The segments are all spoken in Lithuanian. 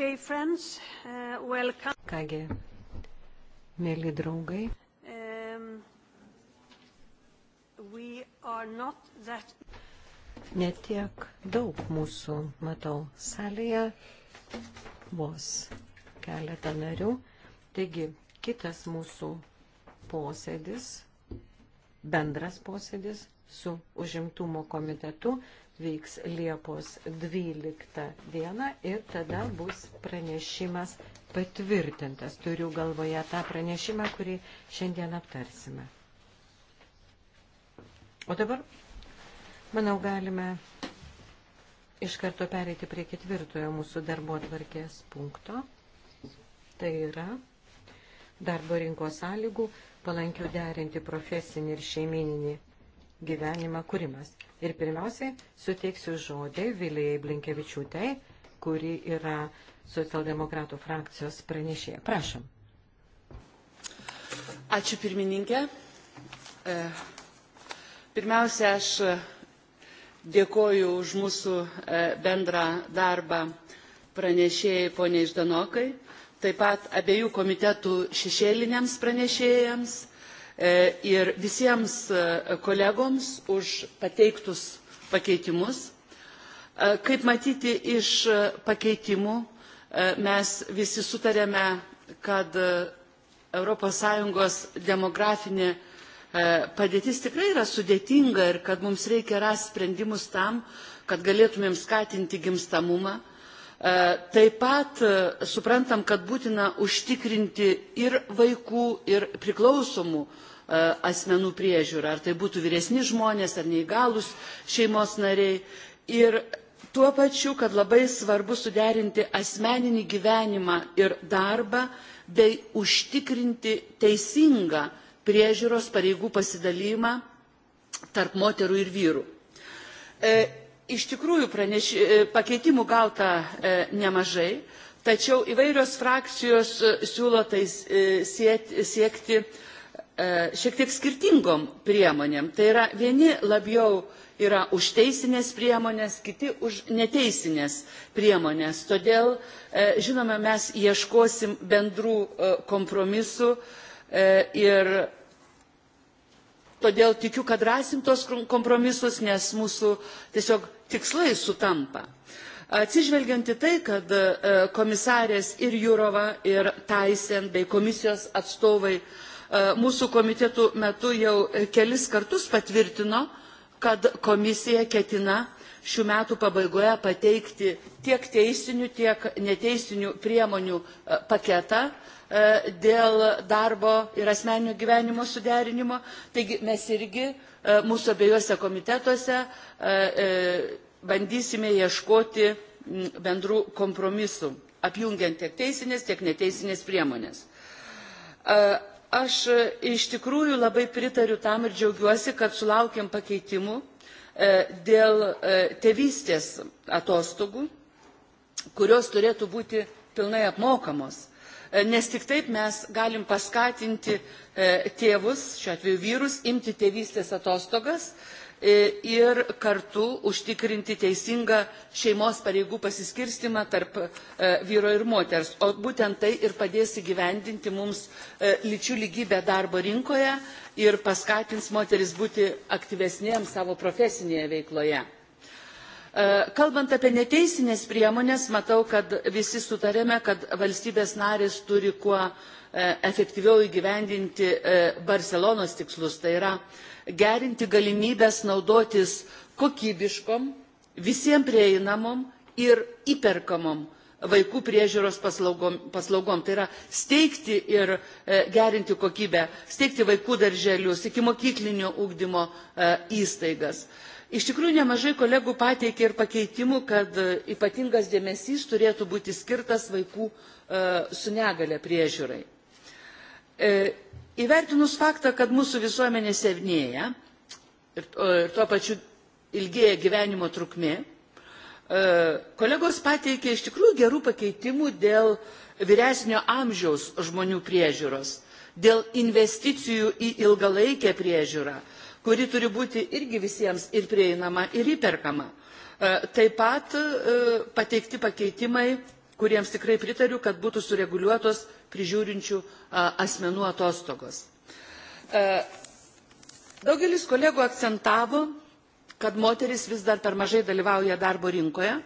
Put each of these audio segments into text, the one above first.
Okay, friends, uh, welcome. Kągi, mėly draugai. Um, we are not that... Netiek daug mūsų, matau, salėje, vos keletą narių. Taigi, kitas mūsų posėdis, bendras posėdis su užimtumo komitetu vyks Liepos 12 dieną ir tada bus pranešimas patvirtintas. Turiu galvoje tą pranešimą, kurį šiandien aptarsime. O dabar, manau, galime iš karto pereiti prie ketvirtojo mūsų darbo atvarkės punkto. Tai yra darbo rinkos sąlygų palankių derinti profesinį ir šeimininį gyvenimą kūrimas. Ir pirmiausiai suteiksiu žodį Vilijai Blinkevičiūtei, kuri yra socialdemokratų frakcijos pranešėja. Prašom. Ačiū pirmininkė. E, pirmiausia, aš e, dėkoju už mūsų e, bendrą darbą pranešėjai poniai Ždanokai, taip pat abiejų komitetų šešėliniams pranešėjams E, ir visiems e, kolegoms už pateiktus pakeitimus. E, kaip matyti iš pakeitimų, mes visi sutarėme, kad ES demografinė padėtis tikrai yra sudėtinga ir kad mums reikia rasti sprendimus tam, kad galėtumėm skatinti gimstamumą. Taip pat suprantam, kad būtina užtikrinti ir vaikų, ir priklausomų E, asmenų priežiūrą, ar tai būtų vyresni žmonės, ar neįgalus šeimos nariai. Ir tuo pačiu, kad labai svarbu suderinti asmeninį gyvenimą ir darbą, bei užtikrinti teisingą priežiūros pareigų pasidalymą tarp moterų ir vyrų. E, iš tikrųjų praneš, e, pakeitimų gauta e, nemažai, tačiau įvairios frakcijos e, siūlo tai siekti, siekti E, šiek tiek skirtingom priemonėm. Tai yra vieni labiau yra už teisinės priemonės, kiti už neteisinės priemonės. Todėl, e, žinoma, mes ieškosim bendrų e, kompromisų ir todėl tikiu, kad rasim tos kompromisus, nes mūsų tiesiog tikslai sutampa. Atsižvelgiant į tai, kad komisarės ir Jurova, ir Taisen bei komisijos atstovai E, mūsų komitetų metu jau kelis kartus patvirtino, kad komisija ketina šių metų pabaigoje pateikti tiek teisinių, tiek neteisinių priemonių e, paketą e, dėl darbo ir asmeninio gyvenimo suderinimo. Taigi mes irgi mūsų abiejose komitetuose bandysime ieškoti bendrų kompromisų, apjungiant tiek teisinės, tiek neteisinės priemonės. Aš e, iš tikrųjų labai pritariu tam ir džiaugiuosi, kad sulaukėm pakeitimų e, dėl e, tėvystės atostogų, kurios turėtų būti pilnai apmokamos. Nes tik taip mes galim paskatinti tėvus, šiuo atveju vyrus, imti tėvystės atostogas E, ir kartu užtikrinti teisingą šeimos pareigų pasiskirstimą tarp e, vyro ir moters. O būtent tai ir padės įgyvendinti mums e, lyčių lygybę darbo rinkoje ir paskatins moteris būti aktyvesnėms savo profesinėje veikloje. Kalbant apie neteisinės priemonės, matau, kad visi sutarėme, kad valstybės narės turi kuo efektyviau įgyvendinti Barcelonos tikslus, tai yra gerinti galimybės naudotis kokybiškom, visiems prieinamom ir įperkamom vaikų priežiūros paslaugom, paslaugom. Tai yra steigti ir e, gerinti kokybę, steigti vaikų darželius, iki mokyklinio ūkdymo e, įstaigas. Iš tikrųjų, nemažai kolegų pateikė ir pakeitimų, kad e, ypatingas dėmesys turėtų būti skirtas vaikų e, su negale priežiūrai. E, įvertinus faktą, kad mūsų visuomenė senėja ir tuo pačiu ilgėja gyvenimo trukmė, e, kolegos pateikė iš tikrųjų gerų pakeitimų dėl vyresnio amžiaus žmonių priežiūros, dėl investicijų į ilgalaikę priežiūrą, kuri turi būti irgi visiems ir prieinama, ir įperkama. E, taip pat pateikti pakeitimai kuriems tikrai pritariu, kad būtų sureguliuotos prižiūrinčių asmenų atostogos. E, daugelis kolegų akcentavo, kad moteris vis dar per mažai dalyvauja darbo rinkoje,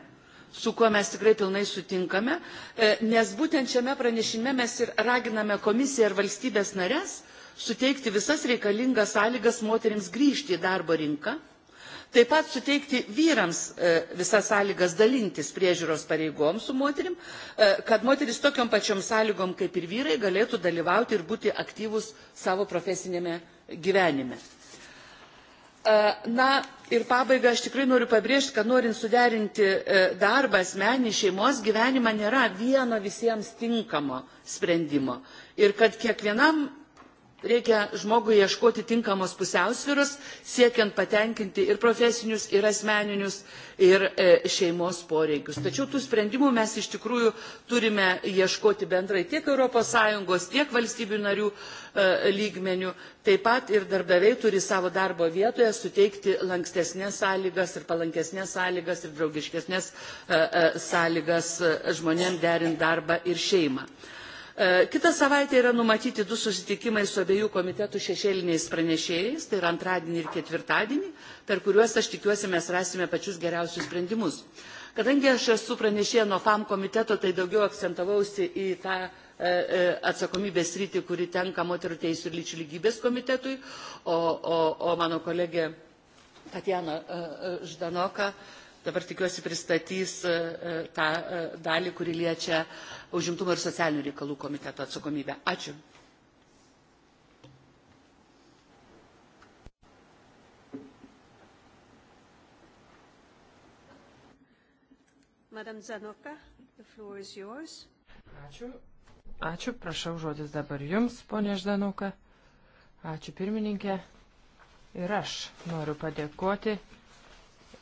su kuo mes tikrai pilnai sutinkame, e, nes būtent šiame pranešime mes ir raginame komisiją ir valstybės narės suteikti visas reikalingas sąlygas moteriams grįžti į darbo rinką taip pat suteikti vyrams e, visas sąlygas dalintis priežiūros pareigom su moterim, e, kad moteris tokiom pačiom sąlygom kaip ir vyrai galėtų dalyvauti ir būti aktyvus savo profesinėme gyvenime. E, na ir pabaiga aš tikrai noriu pabrėžti, kad norint suderinti darbą asmenį šeimos gyvenimą nėra vieno visiems tinkamo sprendimo. Ir kad kiekvienam reikia žmogui ieškoti tinkamos pusiausvyros, siekiant patenkinti ir profesinius, ir asmeninius, ir e, šeimos poreikius. Tačiau tų sprendimų mes iš tikrųjų turime ieškoti bendrai tiek ES, tiek valstybių narių e, lygmenių. Taip pat ir darbdaviai turi savo darbo vietoje suteikti lankstesnės sąlygas ir palankesnės sąlygas ir draugiškesnės e, sąlygas žmonėm derint darbą ir šeimą. E, Kita savaitė yra numatyti du susitikimai su abiejų komitetų šešėliniais pranešėjais, tai yra antradienį ir ketvirtadienį, per kuriuos aš tikiuosi mes rasime pačius geriausius sprendimus. Kadangi aš esu pranešėja nuo FAM komiteto, tai daugiau akcentavausi į tą e, e, atsakomybės rytį, kuri tenka moterų teisų ir lyčių lygybės komitetui, o, o, o mano kolegė Tatjana Ždanoka uh, dabar tikiuosi pristatys e, e, tą e, dalį, kuri liečia užimtumo ir socialinių reikalų komiteto atsakomybę. Ačiū. Madam Zanoka, the floor is yours. Ačiū. Ačiū, prašau žodis dabar jums, ponė Ždanuka. Ačiū pirmininkė. Ir aš noriu padėkoti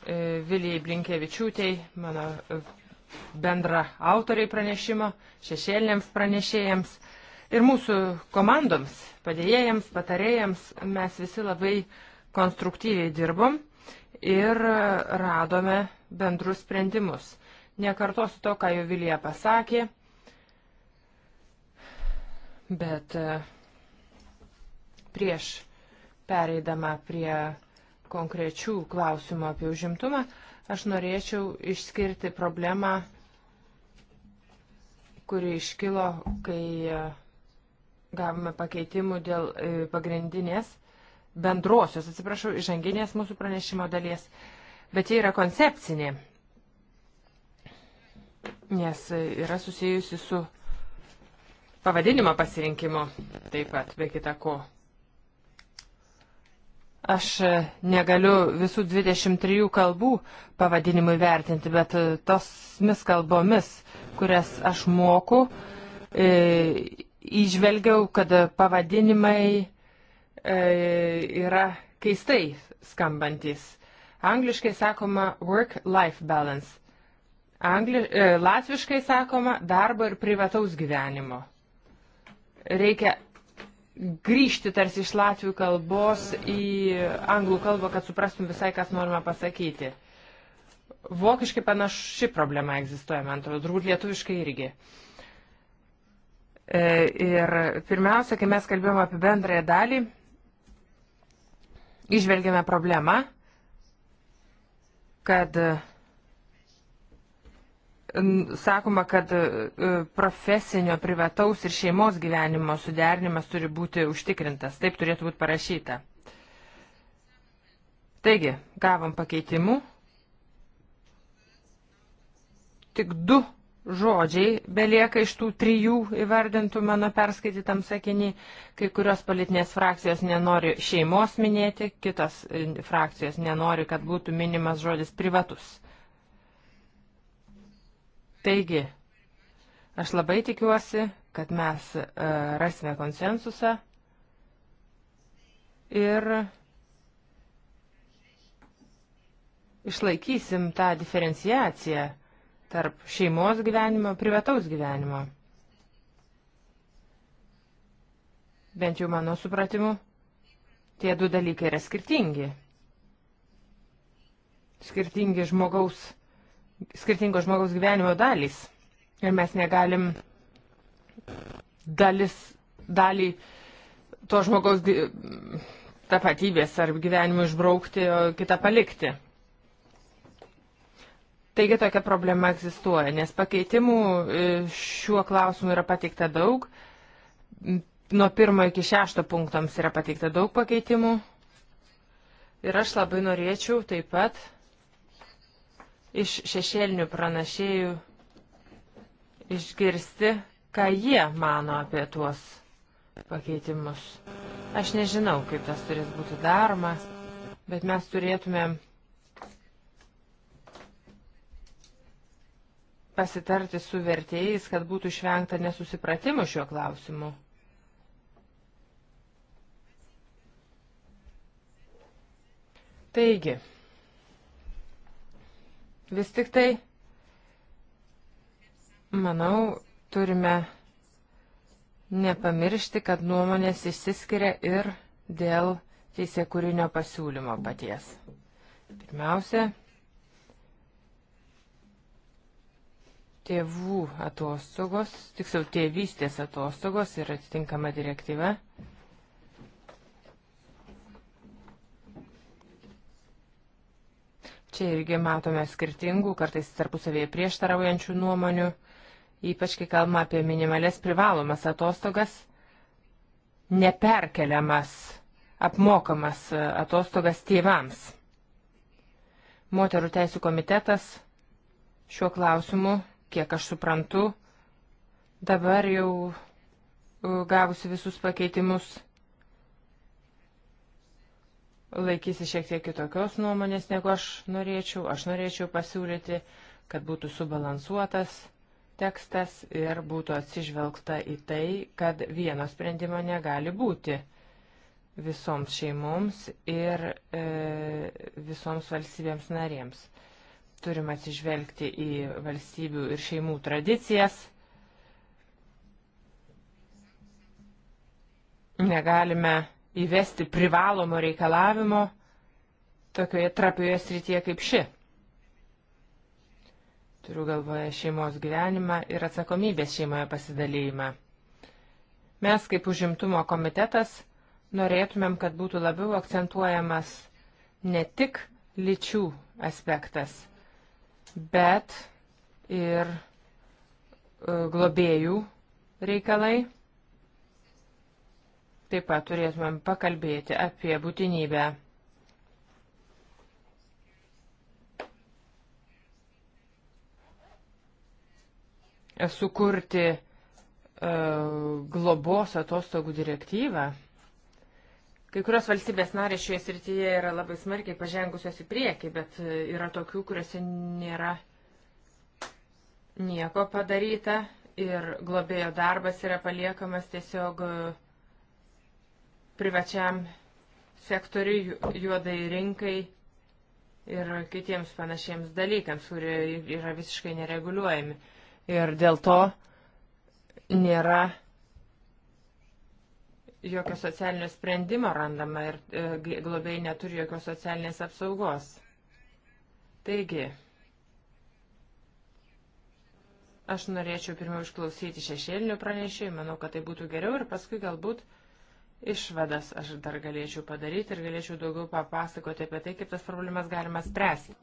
E, Vilijai Blinkievičiūtei, mano e, bendra autoriai pranešimo, šešėliniams pranešėjams ir mūsų komandoms, padėjėjams, patarėjams. Mes visi labai konstruktyviai dirbom ir radome bendrus sprendimus. Nekartosiu to, ką jau Vilija pasakė, bet e, prieš pereidama prie konkrečių klausimų apie užimtumą, aš norėčiau išskirti problemą, kuri iškilo, kai e, gavome pakeitimų dėl e, pagrindinės bendrosios, atsiprašau, įžanginės mūsų pranešimo dalies, bet jie yra koncepcinė, nes e, yra susijusi su pavadinimo pasirinkimu taip pat, be kita ko. Aš e, negaliu visų 23 kalbų pavadinimų vertinti, bet e, tosmis kalbomis, kurias aš moku, e, įžvelgiau, kad pavadinimai yra keistai skambantis. Angliškai sakoma work-life balance. Angli, e, latviškai sakoma darbo ir privataus gyvenimo. Reikia grįžti tarsi iš latvių kalbos į anglų kalbą, kad suprastum visai, kas norime pasakyti. Vokiškai panaši problema egzistuoja, man atrodo, turbūt lietuviškai irgi. E, ir pirmiausia, kai mes kalbėjome apie bendrąją dalį, išvelgėme problemą, kad sakoma, kad e, e, profesinio, privataus ir šeimos gyvenimo suderinimas turi būti užtikrintas. Taip turėtų būti parašyta. Taigi, gavom pakeitimų. Tik du žodžiai belieka iš tų trijų įvardintų mano perskaitytam sakinį. Kai kurios politinės frakcijos nenori šeimos minėti, kitos e, frakcijos nenori, kad būtų minimas žodis privatus. Taigi, aš labai tikiuosi, kad mes e, rasime konsensusą ir išlaikysim tą diferenciaciją tarp šeimos gyvenimo, privataus gyvenimo. Bent jau mano supratimu, tie du dalykai yra skirtingi. Skirtingi žmogaus skirtingos žmogaus gyvenimo dalys. Ir mes negalim dalis, dalį to žmogaus tapatybės ar gyvenimo išbraukti, o kitą palikti. Taigi tokia problema egzistuoja, nes pakeitimų e, šiuo klausimu yra pateikta daug. Nuo pirmo iki šešto punktams yra pateikta daug pakeitimų. Ir aš labai norėčiau taip pat iš šešėlinių pranašėjų išgirsti, ką jie mano apie tuos pakeitimus. Aš nežinau, kaip tas turės būti daroma, bet mes turėtume pasitarti su vertėjais, kad būtų išvengta nesusipratimų šiuo klausimu. Taigi, Vis tik tai, manau, turime nepamiršti, kad nuomonės išsiskiria ir dėl teisėkūrinio pasiūlymo paties. Pirmiausia, tėvų atostogos, tiksliau tėvystės atostogos ir atitinkama direktyva Čia irgi matome skirtingų, kartais tarpusavėje prieštaraujančių nuomonių, ypač kai kalbama apie minimalės privalomas atostogas, neperkeliamas, apmokamas atostogas tėvams. Moterų teisų komitetas šiuo klausimu, kiek aš suprantu, dabar jau gavusi visus pakeitimus laikysi šiek tiek kitokios nuomonės, negu aš norėčiau. Aš norėčiau pasiūlyti, kad būtų subalansuotas tekstas ir būtų atsižvelgta į tai, kad vieno sprendimo negali būti visoms šeimoms ir e, visoms valstybėms narėms. Turim atsižvelgti į valstybių ir šeimų tradicijas. Negalime įvesti privalomo reikalavimo tokioje trapioje srityje kaip ši. Turiu galvoje šeimos gyvenimą ir atsakomybės šeimoje pasidalymą. Mes kaip užimtumo komitetas norėtumėm, kad būtų labiau akcentuojamas ne tik lyčių aspektas, bet ir e, globėjų reikalai Taip pat turėtumėm pakalbėti apie būtinybę sukurti e, globos atostogų direktyvą. Kai kurios valstybės narės šioje srityje yra labai smarkiai pažengusios į priekį, bet e, yra tokių, kuriuose nėra nieko padaryta ir globėjo darbas yra paliekamas tiesiog uh, privačiam sektoriui, juodai rinkai ir kitiems panašiems dalykams, kurie yra visiškai nereguliuojami. Ir dėl to nėra jokio socialinio sprendimo randama ir e, globėjai neturi jokios socialinės apsaugos. Taigi, aš norėčiau pirmiau išklausyti šešėlinių pranešėjų, manau, kad tai būtų geriau ir paskui galbūt uh, išvadas aš dar galėčiau padaryti ir galėčiau daugiau papasakoti apie tai, kaip tas problemas galima spręsti.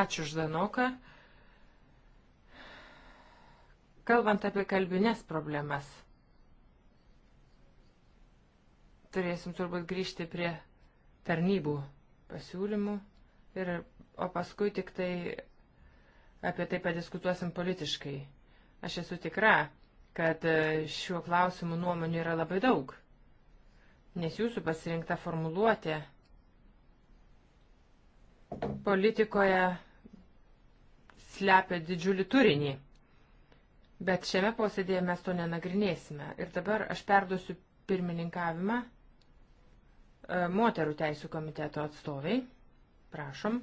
Ačiū Ždanoka. Kalbant apie kalbinės problemas, turėsim turbūt grįžti prie tarnybų pasiūlymų, ir, o paskui tik tai apie tai padiskutuosim politiškai. Aš esu tikra, kad e, šiuo klausimu nuomonių yra labai daug nes jūsų pasirinkta formuluotė politikoje slepia didžiulį turinį. Bet šiame posėdėje mes to nenagrinėsime. Ir dabar aš perduosiu pirmininkavimą e, moterų teisų komiteto atstoviai. Prašom.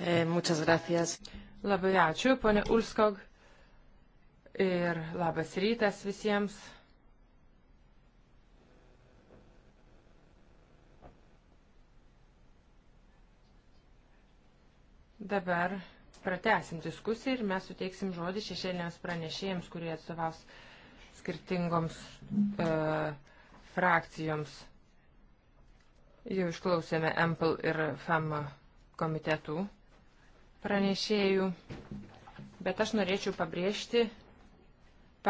E, muchas gracias. Labai ačiū, ponė Ulskog. Ir labas rytas visiems. Dabar pratesim diskusiją ir mes suteiksim žodį šešėliniams pranešėjams, kurie atstovaus skirtingoms e, frakcijoms. Jau išklausėme Ample ir FAM komitetų pranešėjų, bet aš norėčiau pabrėžti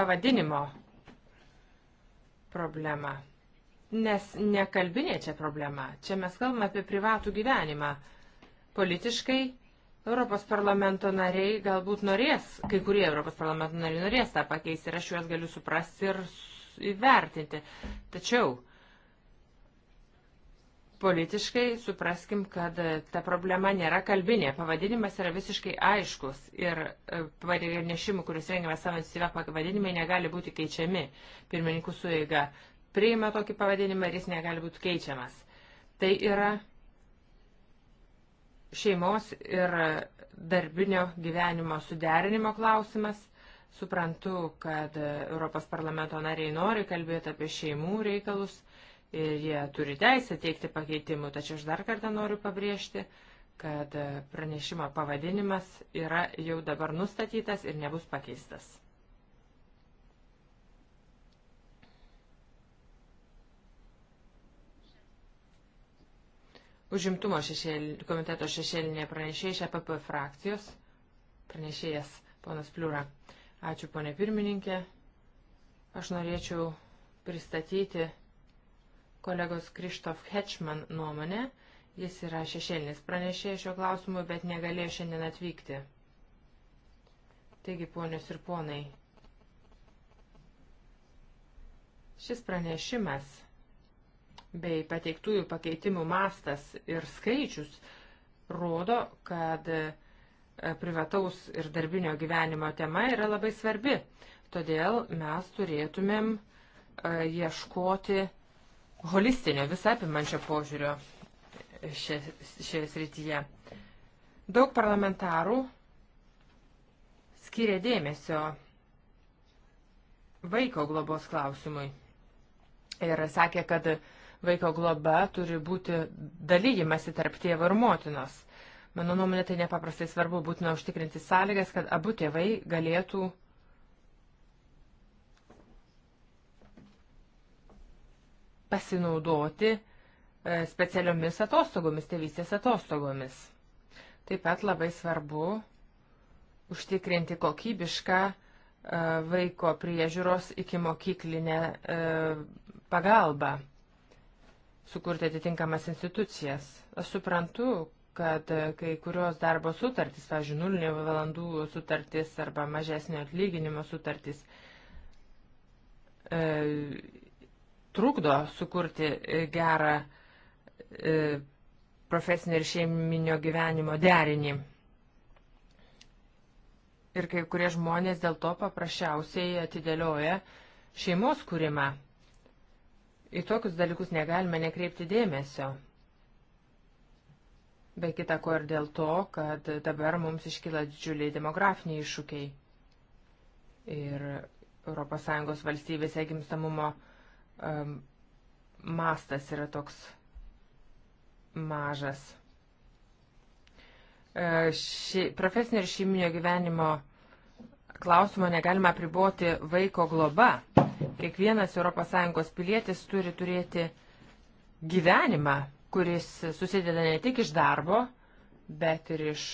pavadinimo problemą. Nes nekalbinė čia problema. Čia mes kalbame apie privatų gyvenimą. Politiškai Europos parlamento nariai galbūt norės, kai kurie Europos parlamento nariai norės tą pakeisti ir aš juos galiu suprasti ir įvertinti. Tačiau politiškai supraskim, kad e, ta problema nėra kalbinė. Pavadinimas yra visiškai aiškus ir e, pranešimų, kuris rengiamas savo iniciatyvą, pavadinimai negali būti keičiami. Pirmininkų sueiga priima tokį pavadinimą ir jis negali būti keičiamas. Tai yra šeimos ir darbinio gyvenimo suderinimo klausimas. Suprantu, kad Europos parlamento nariai nori kalbėti apie šeimų reikalus ir jie turi teisę teikti pakeitimų, tačiau aš dar kartą noriu pabrėžti, kad pranešimo pavadinimas yra jau dabar nustatytas ir nebus pakeistas. užimtumo šešėlį, komiteto šešėlinė pranešėja iš APP e frakcijos, pranešėjas ponas Pliūra. Ačiū ponė pirmininkė. Aš norėčiau pristatyti kolegos Krištof Hetchman nuomonę. Jis yra šešėlinis pranešėjas šio klausimu, bet negalėjo šiandien atvykti. Taigi, ponios ir ponai, šis pranešimas bei pateiktųjų pakeitimų mastas ir skaičius rodo, kad e, privataus ir darbinio gyvenimo tema yra labai svarbi. Todėl mes turėtumėm e, ieškoti holistinio, visapimančio požiūrio šioje srityje. Daug parlamentarų skiria dėmesio vaiko globos klausimui ir sakė, kad Vaiko globa turi būti dalyjimasi tarp tėvo ir motinos. Mano nuomonė, tai nepaprastai svarbu būtina užtikrinti sąlygas, kad abu tėvai galėtų pasinaudoti e, specialiomis atostogomis, tėvystės atostogomis. Taip pat labai svarbu užtikrinti kokybišką e, vaiko priežiūros iki mokyklinę e, pagalbą sukurti atitinkamas institucijas. Aš suprantu, kad kai kurios darbo sutartys, pavyzdžiui, nulinio valandų sutartys arba mažesnio atlyginimo sutartys, e, trukdo sukurti gerą e, profesinio ir šeiminio gyvenimo derinį. Ir kai kurie žmonės dėl to paprasčiausiai atidėlioja šeimos kūrimą. Į tokius dalykus negalime nekreipti dėmesio. Be kita ko ir dėl to, kad dabar mums iškyla didžiuliai demografiniai iššūkiai. Ir ES valstybėse gimstamumo um, mastas yra toks mažas. E, ši, profesinio ir šeiminio gyvenimo klausimo negalima priboti vaiko globa. Kiekvienas ES pilietis turi turėti gyvenimą, kuris susideda ne tik iš darbo, bet ir iš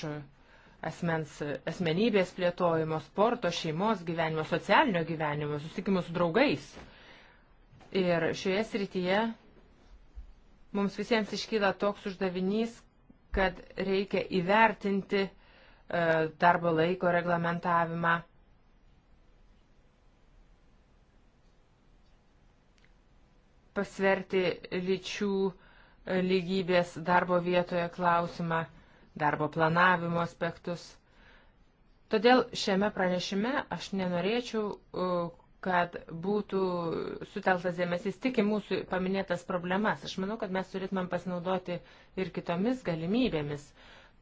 asmens, asmenybės plėtojimo, sporto, šeimos gyvenimo, socialinio gyvenimo, susitikimų su draugais. Ir šioje srityje mums visiems iškyla toks uždavinys, kad reikia įvertinti e, darbo laiko reglamentavimą pasverti lyčių e, lygybės darbo vietoje klausimą, darbo planavimo aspektus. Todėl šiame pranešime aš nenorėčiau, e, kad būtų suteltas dėmesys tik į mūsų paminėtas problemas. Aš manau, kad mes turėtumėm pasinaudoti ir kitomis galimybėmis.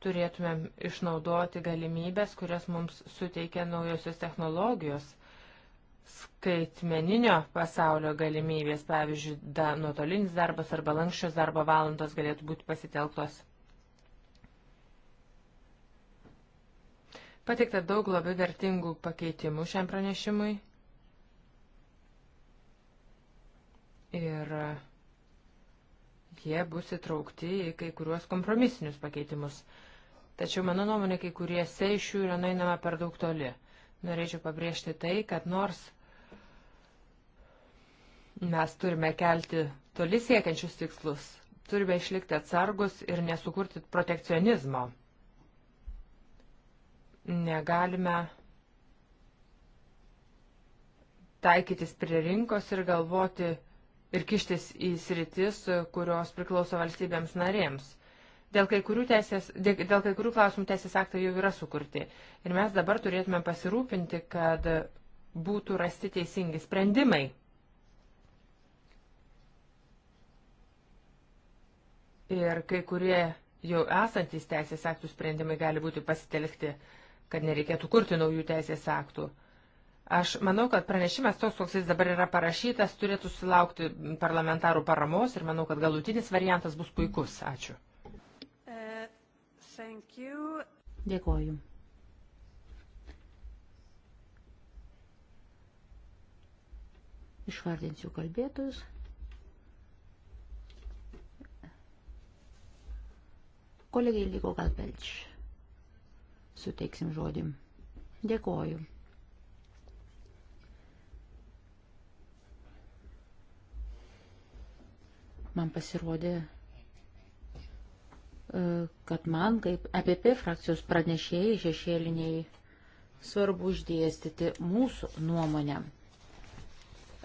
Turėtumėm išnaudoti galimybės, kurias mums suteikia naujosios technologijos skaitmeninio pasaulio galimybės, pavyzdžiui, da, nuotolinis darbas arba lankščios darbo valandos galėtų būti pasitelktos. Pateikta daug labai vertingų pakeitimų šiam pranešimui. Ir jie bus įtraukti į kai kuriuos kompromisinius pakeitimus. Tačiau, mano nuomonė, kai kurie iš jų yra nainama per daug toli. Norėčiau pabrėžti tai, kad nors Mes turime kelti toli siekiančius tikslus, turime išlikti atsargus ir nesukurti protekcionizmo. Negalime taikytis prie rinkos ir galvoti ir kištis į sritis, kurios priklauso valstybėms narėms. Dėl kai, teisės, dėl kai kurių klausimų teisės aktai jau yra sukurti. Ir mes dabar turėtume pasirūpinti, kad būtų rasti teisingi sprendimai ir kai kurie jau esantys teisės aktų sprendimai gali būti pasitelkti, kad nereikėtų kurti naujų teisės aktų. Aš manau, kad pranešimas toks, koks jis dabar yra parašytas, turėtų sulaukti parlamentarų paramos ir manau, kad galutinis variantas bus puikus. Ačiū. Uh, Dėkoju. Išvardinsiu kalbėtojus. Kolegiai liko gal pelč. Suteiksim žodį. Dėkoju. Man pasirodė, e, kad man kaip EPP frakcijos pranešėjai šešėliniai svarbu išdėstyti mūsų nuomonę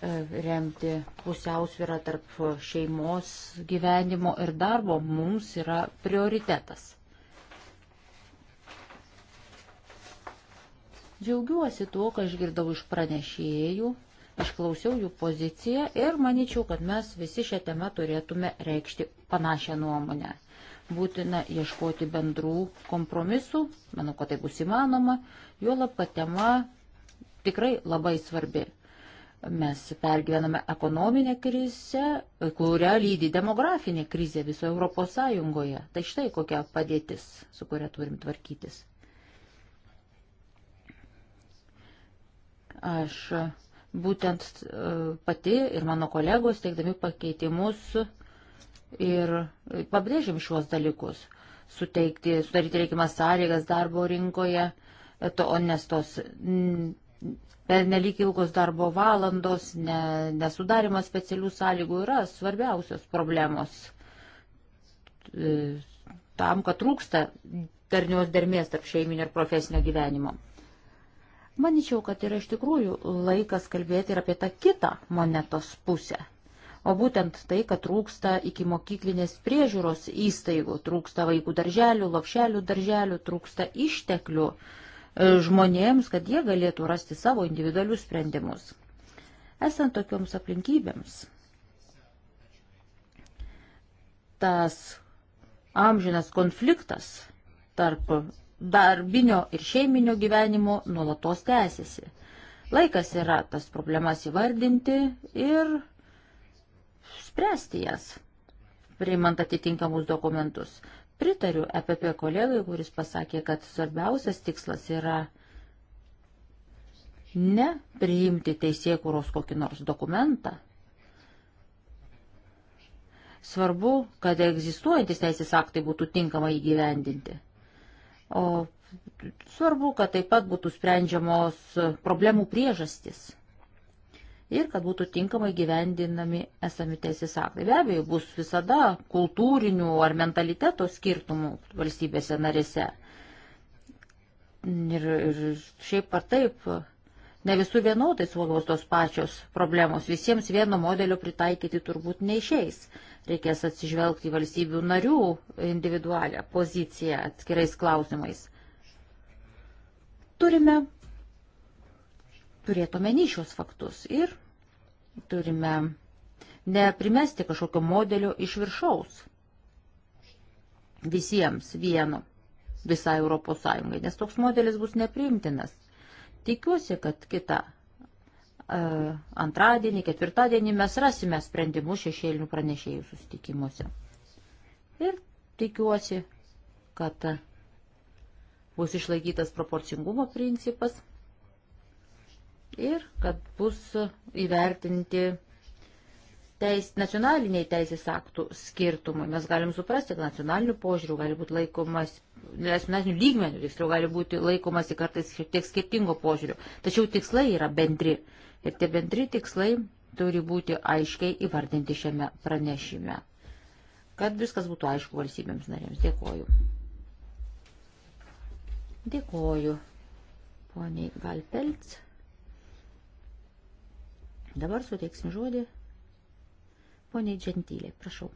E, remti pusiausvyrą tarp šeimos gyvenimo ir darbo mums yra prioritetas. Džiaugiuosi tuo, ką išgirdau iš pranešėjų, išklausiau jų poziciją ir manyčiau, kad mes visi šią temą turėtume reikšti panašią nuomonę. Būtina ieškoti bendrų kompromisų, manau, kad tai bus įmanoma, juolab, kad tema tikrai labai svarbi Mes pergyvename ekonominę krizę, kurią lydi demografinė krizė visoje Europos Sąjungoje. Tai štai kokia padėtis, su kuria turim tvarkytis. Aš būtent e, pati ir mano kolegos teikdami pakeitimus ir pabrėžim šiuos dalykus. Suteikti, sudaryti reikimas sąlygas darbo rinkoje, e, to, nes tos Pernelyg ilgos darbo valandos, ne, nesudarimas specialių sąlygų yra svarbiausios problemos e, tam, kad trūksta darnios dermės tarp šeiminio ir profesinio gyvenimo. Maničiau, kad yra iš tikrųjų laikas kalbėti ir apie tą kitą monetos pusę. O būtent tai, kad trūksta iki mokyklinės priežiūros įstaigų, trūksta vaikų darželių, lopšelių darželių, trūksta išteklių, uh, žmonėms, kad jie galėtų rasti savo individualius sprendimus. Esant tokioms aplinkybėms, tas amžinas konfliktas tarp darbinio ir šeiminio gyvenimo nuolatos tęsiasi. Laikas yra tas problemas įvardinti ir spręsti jas, priimant atitinkamus dokumentus. Pritariu EPP kolegai, kuris pasakė, kad svarbiausias tikslas yra ne priimti teisėkūros kokį nors dokumentą. Svarbu, kad egzistuojantis teisės aktai būtų tinkamai įgyvendinti. O svarbu, kad taip pat būtų sprendžiamos problemų priežastis ir kad būtų tinkamai gyvendinami esami teisės aktai. Be abejo, bus visada kultūrinių ar mentaliteto skirtumų valstybėse narėse. Ir, ir šiaip ar taip, ne visų vienodai suvalgos tos pačios problemos, visiems vieno modelio pritaikyti turbūt neišeis. Reikės atsižvelgti į valstybių narių individualią poziciją atskirais klausimais. Turime turėtume nyšios faktus ir Turime neprimesti kažkokio modelio iš viršaus visiems vienu visai Europos Sąjungai, nes toks modelis bus nepriimtinas. Tikiuosi, kad kita e, antradienį, ketvirtadienį mes rasime sprendimus šešėlinių pranešėjų susitikimuose. Ir tikiuosi, kad bus išlaikytas proporcingumo principas ir kad bus įvertinti teis, nacionaliniai teisės aktų skirtumai. Mes galim suprasti, kad nacionalinių požiūrių gali būti laikomas, nacionalinių lygmenių tiksliau gali būti laikomasi kartais šiek tiek skirtingo požiūrių. Tačiau tikslai yra bendri ir tie bendri tikslai turi būti aiškiai įvardinti šiame pranešime. Kad viskas būtų aišku valstybėms narėms. Dėkoju. Dėkoju, poniai Galpelts. Dabar suteiksim žodį poniai Džentylė. Prašau.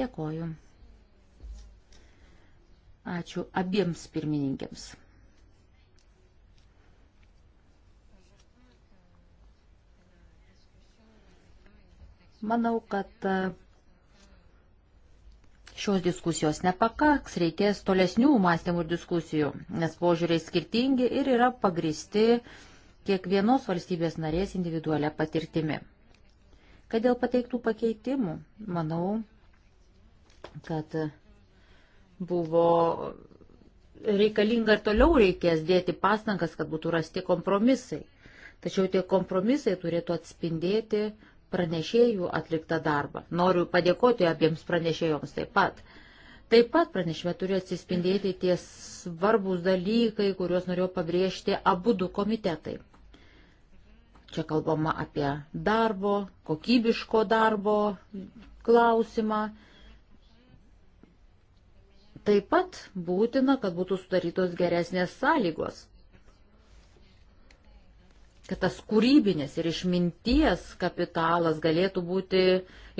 Dėkoju. Ačiū abiems pirmininkėms. Manau, kad šios diskusijos nepakaks, reikės tolesnių mąstymų ir diskusijų, nes požiūriai skirtingi ir yra pagristi kiekvienos valstybės narės individualią patirtimi. Kad dėl pateiktų pakeitimų, manau, kad buvo reikalinga ir toliau reikės dėti pastangas, kad būtų rasti kompromisai. Tačiau tie kompromisai turėtų atspindėti pranešėjų atliktą darbą. Noriu padėkoti abiems pranešėjoms taip pat. Taip pat pranešime turi atsispindėti tie svarbus dalykai, kuriuos norėjau pabrėžti abu du komitetai. Čia kalbama apie darbo, kokybiško darbo klausimą. Taip pat būtina, kad būtų sudarytos geresnės sąlygos kad tas kūrybinis ir išminties kapitalas galėtų būti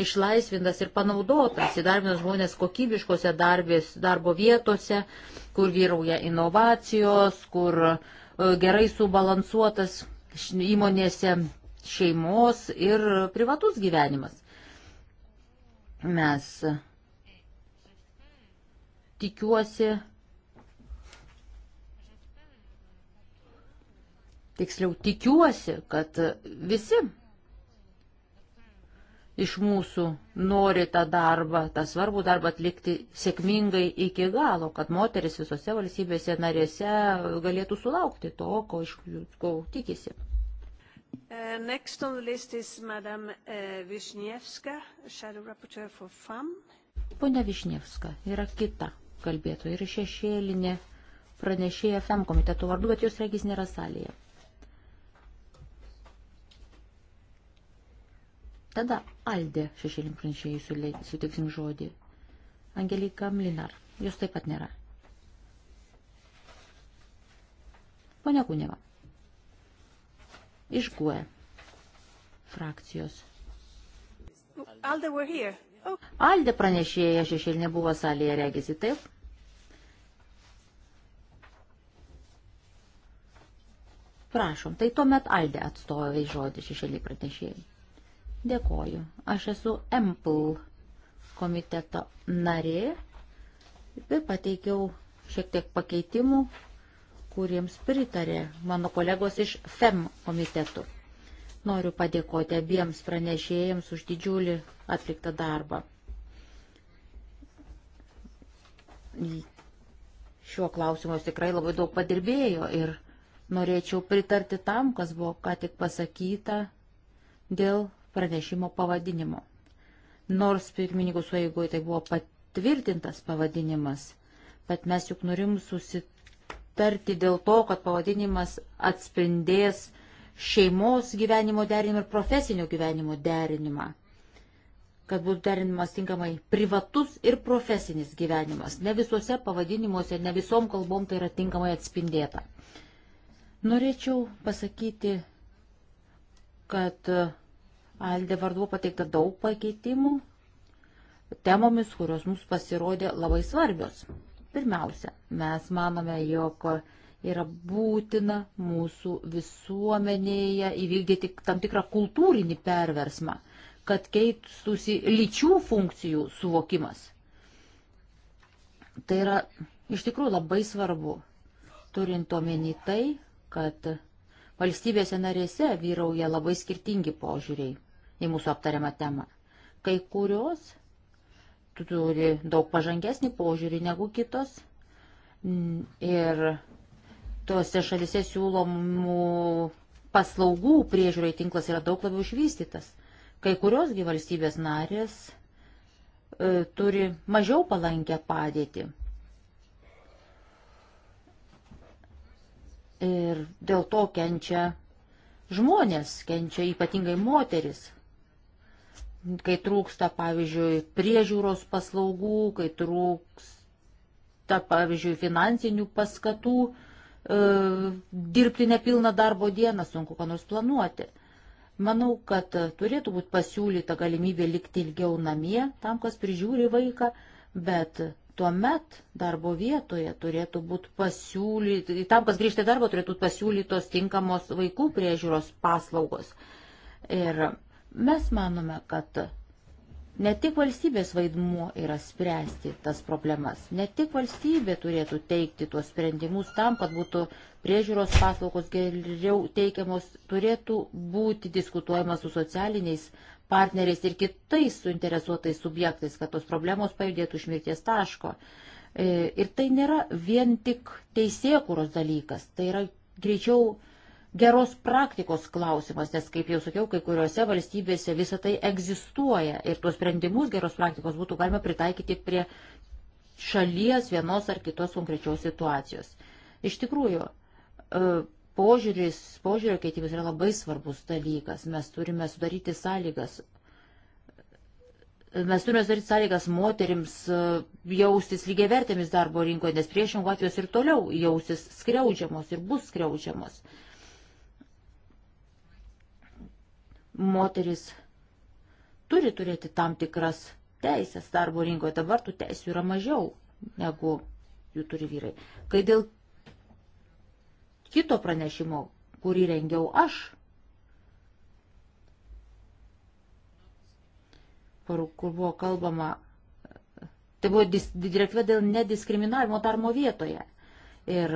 išlaisvintas ir panaudotas, įdarbinant žmonės kokybiškose darbės, darbo vietose, kur vyrauja inovacijos, kur e, gerai subalansuotas įmonėse šeimos ir privatus gyvenimas. Mes tikiuosi, tiksliau tikiuosi, kad visi iš mūsų nori tą darbą, tą svarbų darbą atlikti sėkmingai iki galo, kad moteris visose valstybėse narėse galėtų sulaukti to, ko, iš, ko tikisi. Uh, next on the list is Madame Višnievska, uh, Shadow Rapporteur for FAM. Pone Višnievska yra kita kalbėtoja ir šešėlinė pranešėja FAM komiteto vardu, bet jos regis nėra salėje. Tada Aldė šešėlim pranešėjai sutiksim žodį. Angelika Mlinar, jūs taip pat nėra. Pone Kūneva, iš GUE frakcijos. Aldė, we're here. Oh. Aldė pranešėja šešėlinė buvo salėje, regisi taip. Prašom, tai tuomet Aldė atstovai žodį šešėlį pranešėjai. Dėkoju. Aš esu EMPL komiteto narė ir pateikiau šiek tiek pakeitimų, kuriems pritarė mano kolegos iš FEM komitetų. Noriu padėkoti abiems pranešėjams už didžiulį atliktą darbą. Šiuo klausimu tikrai labai daug padirbėjo ir norėčiau pritarti tam, kas buvo ką tik pasakyta dėl pranešimo pavadinimo. Nors pirmininkų sueigoje tai buvo patvirtintas pavadinimas, bet mes juk norim susitarti dėl to, kad pavadinimas atspindės šeimos gyvenimo derinimą ir profesinio gyvenimo derinimą kad būtų derinimas tinkamai privatus ir profesinis gyvenimas. Ne visuose pavadinimuose, ne visom kalbom tai yra tinkamai atspindėta. Norėčiau pasakyti, kad uh, Aldė vardu pateikta daug pakeitimų temomis, kurios mums pasirodė labai svarbios. Pirmiausia, mes manome, jog yra būtina mūsų visuomenėje įvykdyti tam tikrą kultūrinį perversmą, kad keistųsi lyčių funkcijų suvokimas. Tai yra iš tikrųjų labai svarbu, turint omeny tai, kad valstybėse narėse vyrauja labai skirtingi požiūriai į mūsų aptariamą temą. Kai kurios turi daug pažangesnį požiūrį negu kitos ir tuose šalise siūlomų paslaugų priežiūrai tinklas yra daug labiau išvystytas. Kai kuriosgi valstybės narės e, turi mažiau palankę padėtį. Ir dėl to kenčia žmonės, kenčia ypatingai moteris kai trūksta, pavyzdžiui, priežiūros paslaugų, kai trūksta, pavyzdžiui, finansinių paskatų, e, dirbti nepilną darbo dieną, sunku ką nors planuoti. Manau, kad turėtų būti pasiūlyta galimybė likti ilgiau namie, tam, kas prižiūri vaiką, bet tuomet darbo vietoje turėtų būti pasiūlyti, tam, kas grįžta į darbą, turėtų būti pasiūlytos tinkamos vaikų priežiūros paslaugos. Ir Mes manome, kad ne tik valstybės vaidmuo yra spręsti tas problemas, ne tik valstybė turėtų teikti tuos sprendimus tam, kad būtų priežiūros paslaugos geriau teikiamos, turėtų būti diskutuojama su socialiniais partneriais ir kitais suinteresuotais subjektais, kad tos problemos pajudėtų iš mirties taško. E, ir tai nėra vien tik teisėkuros dalykas, tai yra greičiau geros praktikos klausimas, nes, kaip jau sakiau, kai kuriuose valstybėse visa tai egzistuoja ir tuos sprendimus geros praktikos būtų galima pritaikyti prie šalies vienos ar kitos konkrečios situacijos. Iš tikrųjų, e, požiūris, požiūrio keitimas yra labai svarbus dalykas. Mes turime sudaryti sąlygas. Mes turime sudaryti sąlygas moterims e, jaustis lygiai vertėmis darbo rinkoje, nes priešingų atveju ir toliau jausis skriaudžiamos ir bus skriaudžiamos. Uh, moteris turi turėti tam tikras teisės darbo rinkoje. Dabar tų teisų yra mažiau negu jų turi vyrai. Kai dėl kito pranešimo, kurį rengiau aš, kur buvo kalbama, tai buvo direktyva dėl nediskriminavimo darbo vietoje. Ir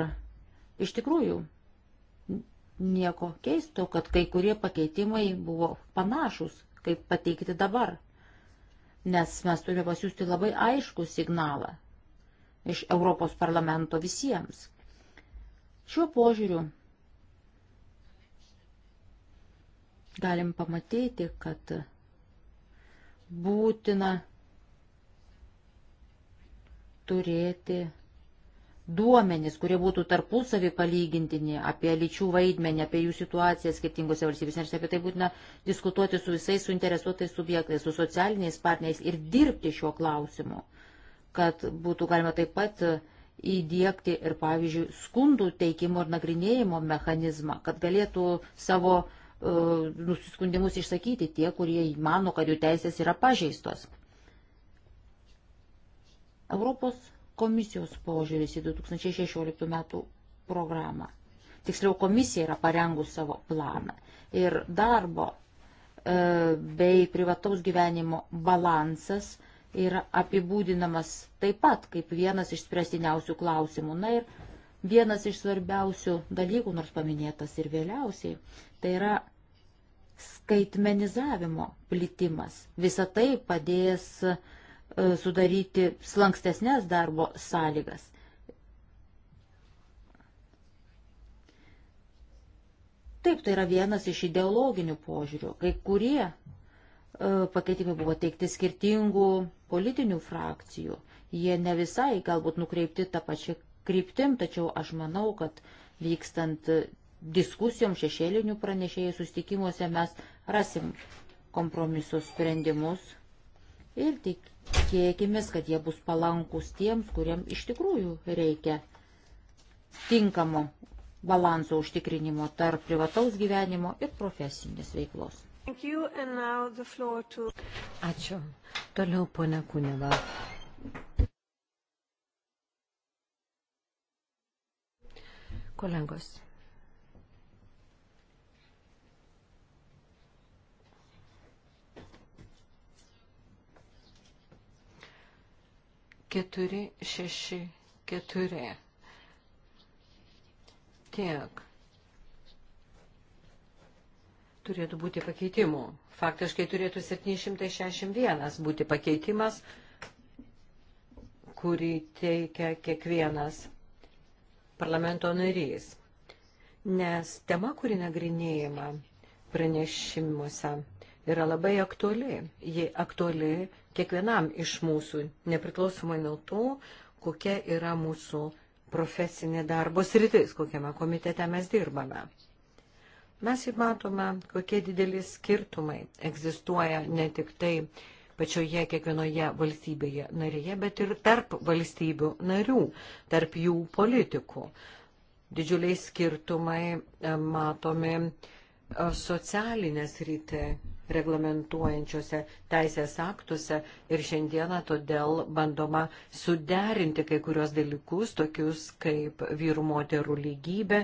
iš tikrųjų, nieko keisto, kad kai kurie pakeitimai buvo panašus, kaip pateikti dabar. Nes mes turime pasiūsti labai aiškų signalą iš Europos parlamento visiems. Šiuo požiūriu galim pamatyti, kad būtina turėti duomenys, kurie būtų tarpusavį palygintini apie lyčių vaidmenį, apie jų situaciją skirtingose valstybėse. Nes apie tai būtina diskutuoti su visais suinteresuotais subjektais, su socialiniais partneriais ir dirbti šiuo klausimu, kad būtų galima taip pat įdėkti ir, pavyzdžiui, skundų teikimo ir nagrinėjimo mechanizmą, kad galėtų savo e, nusiskundimus išsakyti tie, kurie mano, kad jų teisės yra pažeistos. Europos komisijos požiūris į 2016 metų programą. Tiksliau, komisija yra parengus savo planą ir darbo e, bei privataus gyvenimo balansas yra apibūdinamas taip pat kaip vienas iš spręstiniausių klausimų. Na ir vienas iš svarbiausių dalykų, nors paminėtas ir vėliausiai, tai yra skaitmenizavimo plitimas. Visą tai padės uh, E, sudaryti slankstesnės darbo sąlygas. Taip, tai yra vienas iš ideologinių požiūrių. Kai kurie e, pakeitimai buvo teikti skirtingų politinių frakcijų. Jie ne visai galbūt nukreipti tą pačią kryptim, tačiau aš manau, kad vykstant diskusijom šešėlinių pranešėjų sustikimuose mes rasim kompromisus sprendimus ir tikėkime, kad jie bus palankus tiems, kuriem iš tikrųjų reikia tinkamo balanso užtikrinimo tarp privataus gyvenimo ir profesinės veiklos. To... Ačiū. Toliau ponia Kuneva. Kolegos. 464. Tiek turėtų būti pakeitimų. Faktiškai turėtų 761 būti pakeitimas, kurį teikia kiekvienas parlamento narys. Nes tema, kuri nagrinėjama pranešimuose, yra labai aktuali. Ji aktuali kiekvienam iš mūsų, nepriklausomai nuo to, kokia yra mūsų profesinė darbo sritis, kokiame komitete mes dirbame. Mes įmatome, kokie dideli skirtumai egzistuoja ne tik tai pačioje kiekvienoje valstybėje narėje, bet ir tarp valstybių narių, tarp jų politikų. Didžiuliai skirtumai e, matomi e, socialinės rytė reglamentuojančiuose teisės aktuose ir šiandieną todėl bandoma suderinti kai kurios dalykus, tokius kaip vyrų moterų lygybė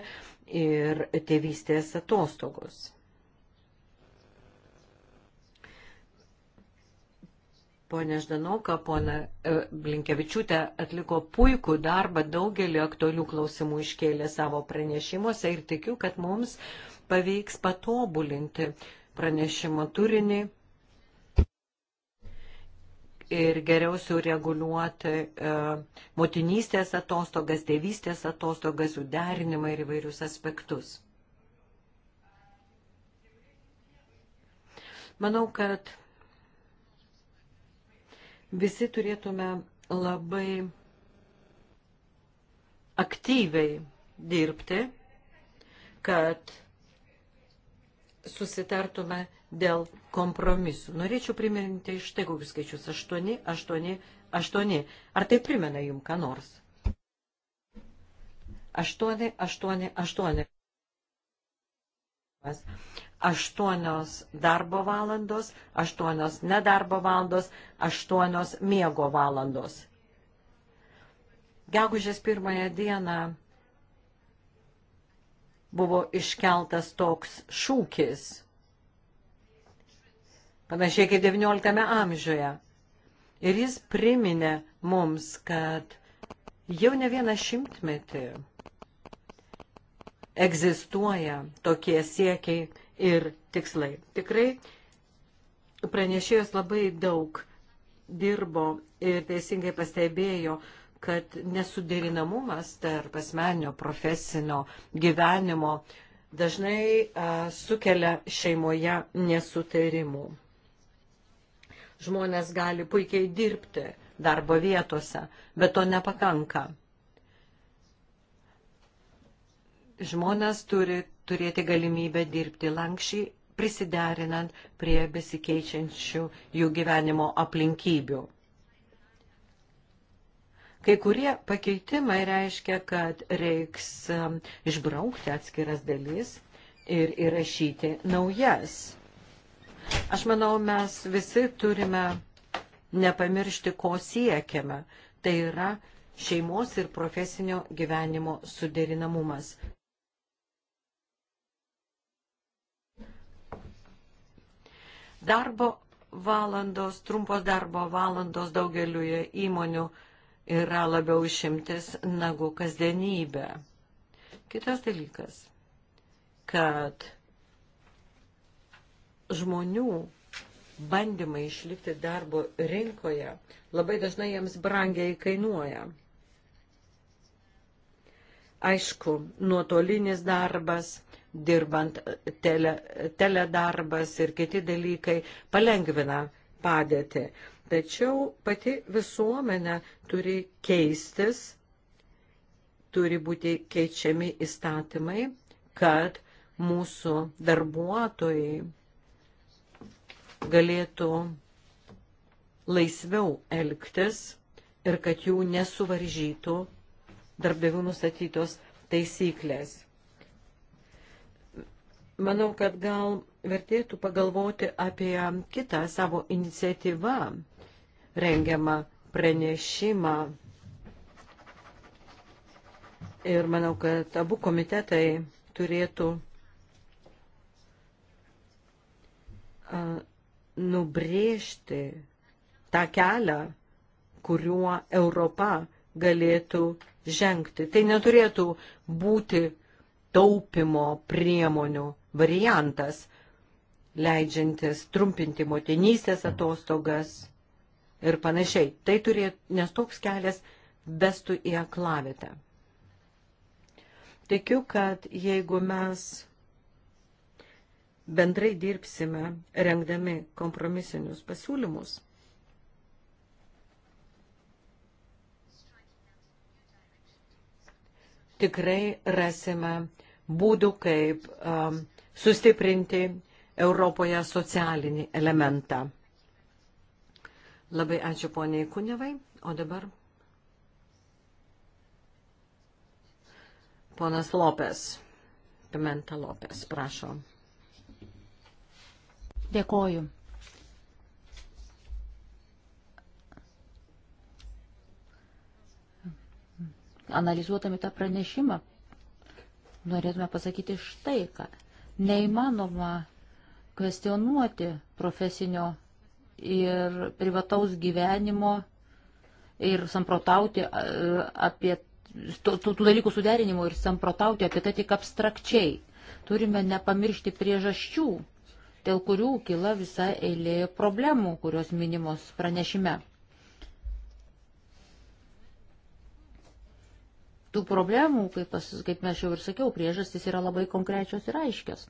ir tėvystės atostogos. Pone Ždanoka, pone e, Blinkevičiūtė atliko puikų darbą, daugelį aktualių klausimų iškėlė savo pranešimuose ir tikiu, kad mums pavyks patobulinti pranešimo turinį ir geriau sureguliuoti e, motinystės atostogas, tėvystės atostogas, jų derinimą ir įvairius aspektus. Manau, kad visi turėtume labai aktyviai dirbti, kad susitartume dėl kompromisų. Norėčiau priminti iš tai kokius skaičius. 8, 8, 8. Ar tai primena jums ką nors? 8, 8, 8. Aštuonios darbo valandos, aštuonios nedarbo valandos, aštuonios miego valandos. Gegužės pirmąją dieną buvo iškeltas toks šūkis. Panašiai kaip XIX amžiuje. Ir jis priminė mums, kad jau ne vieną šimtmetį egzistuoja tokie siekiai ir tikslai. Tikrai pranešėjas labai daug dirbo ir teisingai pastebėjo kad nesuderinamumas tarp asmeninio profesinio gyvenimo dažnai a, sukelia šeimoje nesutarimų. Žmonės gali puikiai dirbti darbo vietose, bet to nepakanka. Žmonės turi turėti galimybę dirbti lankščiai, prisiderinant prie besikeičiančių jų gyvenimo aplinkybių Kai kurie pakeitimai reiškia, kad reiks um, išbraukti atskiras dalis ir įrašyti naujas. Aš manau, mes visi turime nepamiršti, ko siekiame. Tai yra šeimos ir profesinio gyvenimo suderinamumas. Darbo valandos, trumpos darbo valandos daugeliu įmonių yra labiau išimtis negu kasdienybė. Kitas dalykas, kad žmonių bandymai išlikti darbo rinkoje labai dažnai jiems brangiai kainuoja. Aišku, nuotolinis darbas, dirbant tele, teledarbas ir kiti dalykai palengvina padėtį. Tačiau pati visuomenė turi keistis, turi būti keičiami įstatymai, kad mūsų darbuotojai galėtų laisviau elgtis ir kad jų nesuvaržytų darbdavių nustatytos taisyklės. Manau, kad gal vertėtų pagalvoti apie kitą savo iniciatyvą rengiamą pranešimą. Ir manau, kad abu komitetai turėtų nubrėžti tą kelią, kuriuo Europa galėtų žengti. Tai neturėtų būti taupimo priemonių variantas, leidžiantis trumpinti motinystės atostogas ir panašiai. Tai turėtų, nes toks kelias vestų į aklavitę. Tikiu, kad jeigu mes bendrai dirbsime, rengdami kompromisinius pasiūlymus, tikrai rasime būdų, kaip um, sustiprinti Europoje socialinį elementą. Labai ačiū poniai Kunevai. O dabar ponas Lopes, Pimenta Lopes, prašom. Dėkoju. Analizuotami tą pranešimą, norėtume pasakyti štai ką. Neįmanoma kvestionuoti profesinio ir privataus gyvenimo ir samprotauti apie tų, tų dalykų suderinimo ir samprotauti apie tai tik abstrakčiai. Turime nepamiršti priežasčių, dėl kurių kyla visa eilė problemų, kurios minimos pranešime. Tų problemų, kaip, pas, kaip mes jau ir sakiau, priežastys yra labai konkrečios ir aiškios.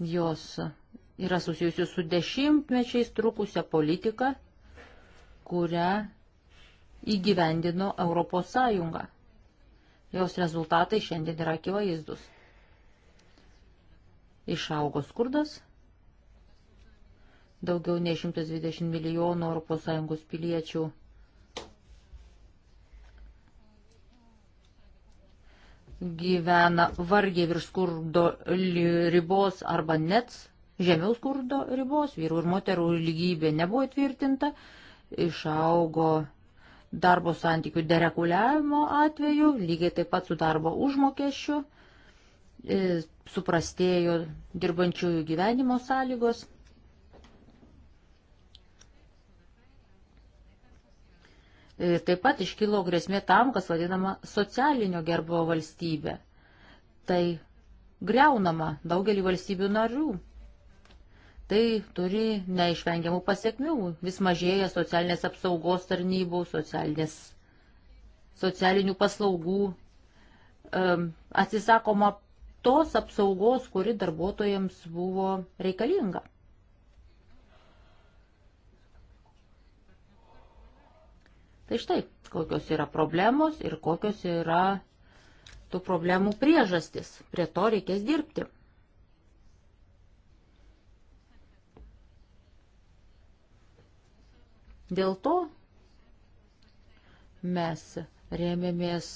Jos yra susijusios su dešimtmečiais trukusią politiką, kurią įgyvendino Europos Sąjunga. Jos rezultatai šiandien yra akivaizdus. Išaugo skurdas, daugiau nei 120 milijonų ES piliečių gyvena vargiai virš skurdo ribos arba net žemiau skurdo ribos, vyrų ir moterų lygybė nebuvo įtvirtinta, išaugo darbo santykių derekuliavimo atveju, lygiai taip pat su darbo užmokesčiu, e, suprastėjo dirbančiųjų gyvenimo sąlygos. E, taip pat iškilo grėsmė tam, kas vadinama socialinio gerbo valstybė. Tai greunama daugelį valstybių narių. Tai turi neišvengiamų pasiekmių. Vis mažėja socialinės apsaugos tarnybų, socialinės, socialinių paslaugų. Um, atsisakoma tos apsaugos, kuri darbuotojams buvo reikalinga. Tai štai, kokios yra problemos ir kokios yra tų problemų priežastis. Prie to reikės dirbti. Dėl to mes rėmėmės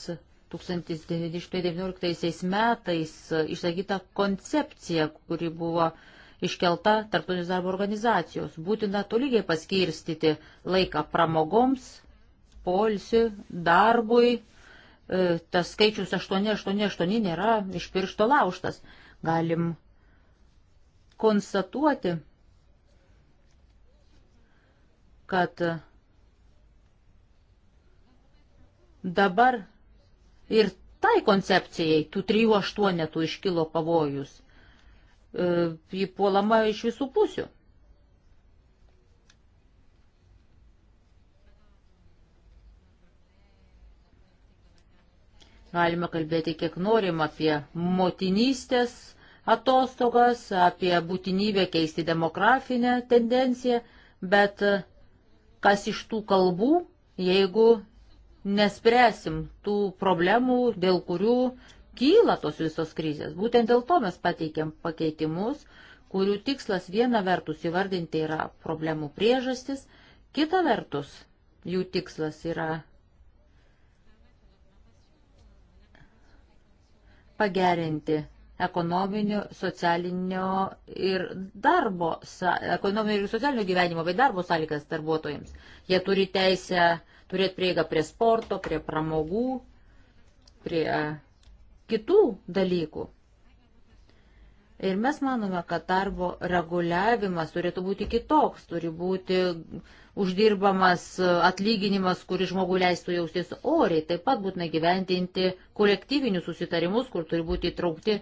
1919 metais išsakyta koncepcija, kuri buvo iškelta tarptautinės darbo organizacijos. Būtina tolygiai paskirstyti laiką pramogoms, polsi, darbui. E, tas skaičius 888 nėra iš piršto lauštas. Galim konstatuoti, kad dabar ir tai koncepcijai tų trijų aštuonetų iškilo pavojus. E, ji puolama iš visų pusių. Galime kalbėti kiek norim apie motinystės atostogas, apie būtinybę keisti demografinę tendenciją, bet kas iš tų kalbų, jeigu nespręsim tų problemų, dėl kurių kyla tos visos krizės. Būtent dėl to mes pateikėm pakeitimus, kurių tikslas viena vertus įvardinti yra problemų priežastis, kita vertus jų tikslas yra pagerinti ekonominio, socialinio ir darbo, ekonominio ir socialinio gyvenimo bei darbo sąlygas darbuotojams. Jie turi teisę turėti prieigą prie sporto, prie pramogų, prie kitų dalykų. Ir mes manome, kad darbo reguliavimas turėtų būti kitoks, turi būti uždirbamas atlyginimas, kuris žmogų leistų jaustis oriai, taip pat būtina gyventinti kolektyvinius susitarimus, kur turi būti įtraukti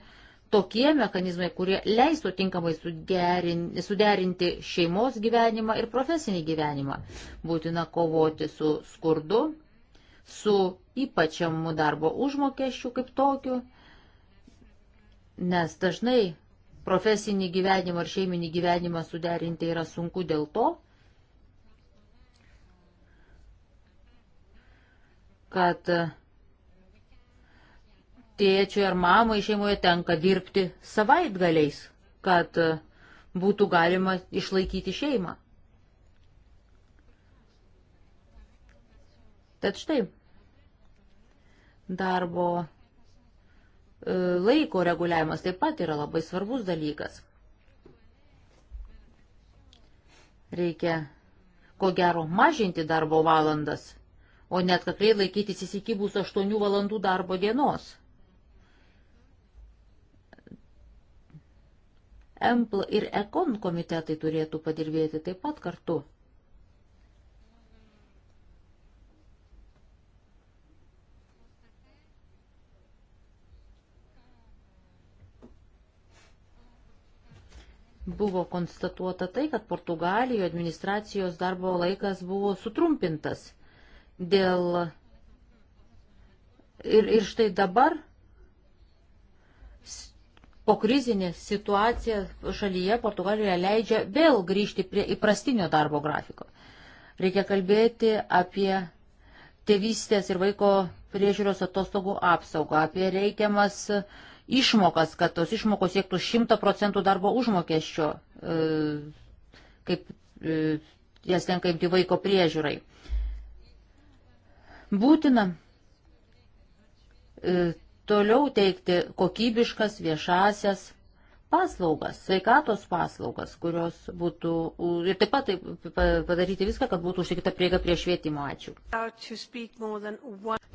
tokie mechanizmai, kurie leistų tinkamai suderinti, suderinti šeimos gyvenimą ir profesinį gyvenimą. Būtina kovoti su skurdu, su ypačiamu darbo užmokesčiu kaip tokiu nes dažnai profesinį gyvenimą ar šeiminį gyvenimą suderinti yra sunku dėl to, kad tėčiui ar mamai šeimoje tenka dirbti savaitgaliais, kad būtų galima išlaikyti šeimą. Tad štai, darbo E, laiko reguliavimas taip pat yra labai svarbus dalykas. Reikia, ko gero, mažinti darbo valandas, o net kakliai laikytis įsikibus 8 valandų darbo dienos. EMPL ir EKON komitetai turėtų padirbėti taip pat kartu. buvo konstatuota tai, kad Portugalijoje administracijos darbo laikas buvo sutrumpintas dėl. Ir, ir štai dabar po krizinė situacija šalyje Portugalijoje leidžia vėl grįžti prie įprastinio darbo grafiko. Reikia kalbėti apie tėvystės ir vaiko priežiūros atostogų apsaugą, apie reikiamas išmokas, kad tos išmokos siektų 100 procentų darbo užmokesčio, e, kaip e, jas tenka imti vaiko priežiūrai. Būtina e, toliau teikti kokybiškas viešasias paslaugas, sveikatos paslaugas, kurios būtų ir taip pat taip, padaryti viską, kad būtų užtikta prieiga prie švietimo. Ačiū.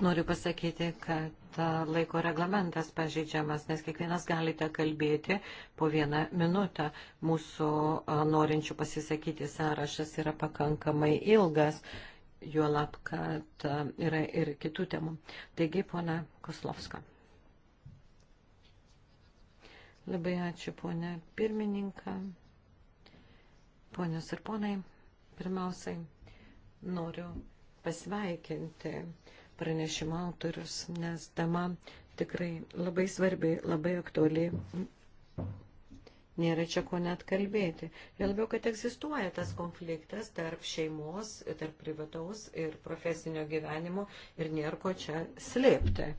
Noriu pasakyti, kad laiko reglamentas pažeidžiamas, nes kiekvienas galite kalbėti po vieną minutę. Mūsų norinčių pasisakyti sąrašas yra pakankamai ilgas, juolab, kad yra ir kitų temų. Taigi, pona Koslovska. Labai ačiū, ponė pirmininką. Ponios ir ponai, pirmiausiai noriu pasveikinti pranešimo autorius, nes tema tikrai labai svarbi, labai aktuali. Nėra čia ko net kalbėti. Vėl labiau, kad egzistuoja tas konfliktas tarp šeimos, tarp privataus ir profesinio gyvenimo ir nėra ko čia slėpti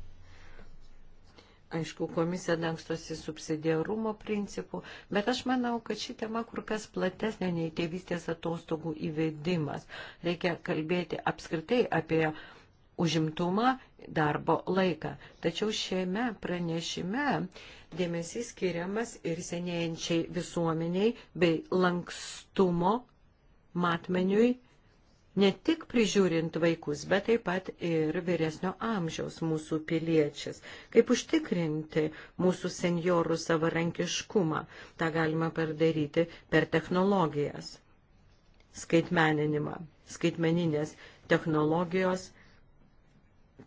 aišku, komisija dangstosi subsidiarumo principų, bet aš manau, kad ši tema kur kas platesnė nei tėvystės atostogų įvedimas. Reikia kalbėti apskritai apie užimtumą darbo laiką. Tačiau šiame pranešime dėmesys skiriamas ir senėjančiai visuomeniai bei lankstumo matmeniui ne tik prižiūrint vaikus, bet taip pat ir vyresnio amžiaus mūsų piliečius, kaip užtikrinti mūsų seniorų savarankiškumą. Ta galima padaryti per technologijas, skaitmeninimą, skaitmeninės technologijos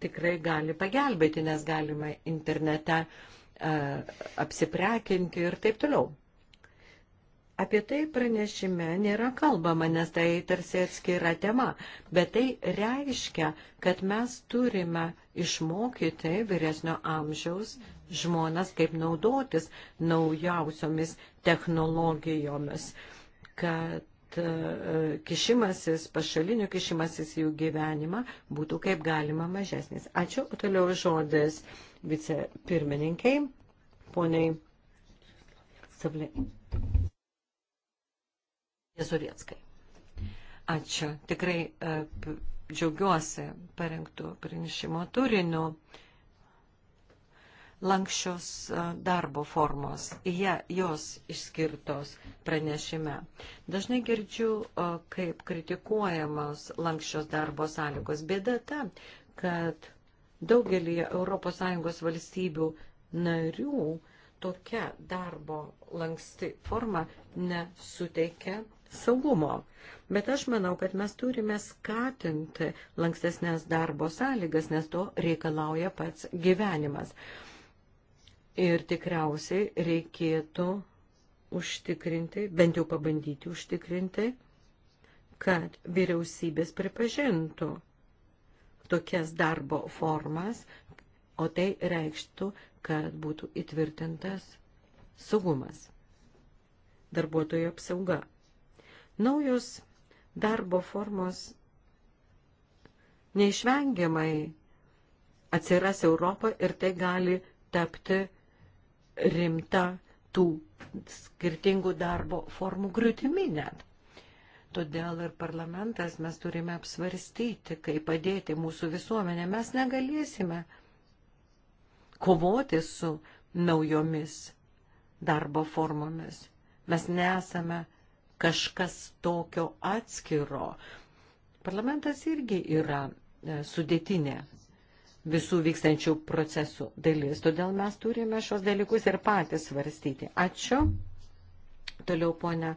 tikrai gali pagelbėti, nes galima internete uh, apsiprekinti ir taip toliau. Apie tai pranešime nėra kalbama, nes tai tarsi atskira tema, bet tai reiškia, kad mes turime išmokyti vyresnio amžiaus žmonas, kaip naudotis naujausiomis technologijomis, kad e, kišimasis, pašalinių kišimasis į jų gyvenimą būtų kaip galima mažesnis. Ačiū. Toliau žodis vicepirmininkai, poniai Savlė. Jezurieckai. Ačiū. Tikrai e, džiaugiuosi parengtų pranešimo turiniu. Lankščios e, darbo formos, jie, jos išskirtos pranešime. Dažnai girdžiu, e, kaip kritikuojamos lankščios darbo sąlygos. Bėda ta, kad daugelį ES valstybių narių tokia darbo lanksti forma nesuteikia saugumo. Bet aš manau, kad mes turime skatinti lankstesnės darbo sąlygas, nes to reikalauja pats gyvenimas. Ir tikriausiai reikėtų užtikrinti, bent jau pabandyti užtikrinti, kad vyriausybės pripažintų tokias darbo formas, o tai reikštų, kad būtų įtvirtintas saugumas, darbuotojo apsauga. Naujos darbo formos neišvengiamai atsiras Europą ir tai gali tapti rimta tų skirtingų darbo formų griūtimi net. Todėl ir parlamentas mes turime apsvarstyti, kaip padėti mūsų visuomenė. Mes negalėsime kovoti su naujomis darbo formomis. Mes nesame kažkas tokio atskiro. Parlamentas irgi yra e, sudėtinė visų vykstančių procesų dalis, todėl mes turime šios dalykus ir patys svarstyti. Ačiū. Toliau ponia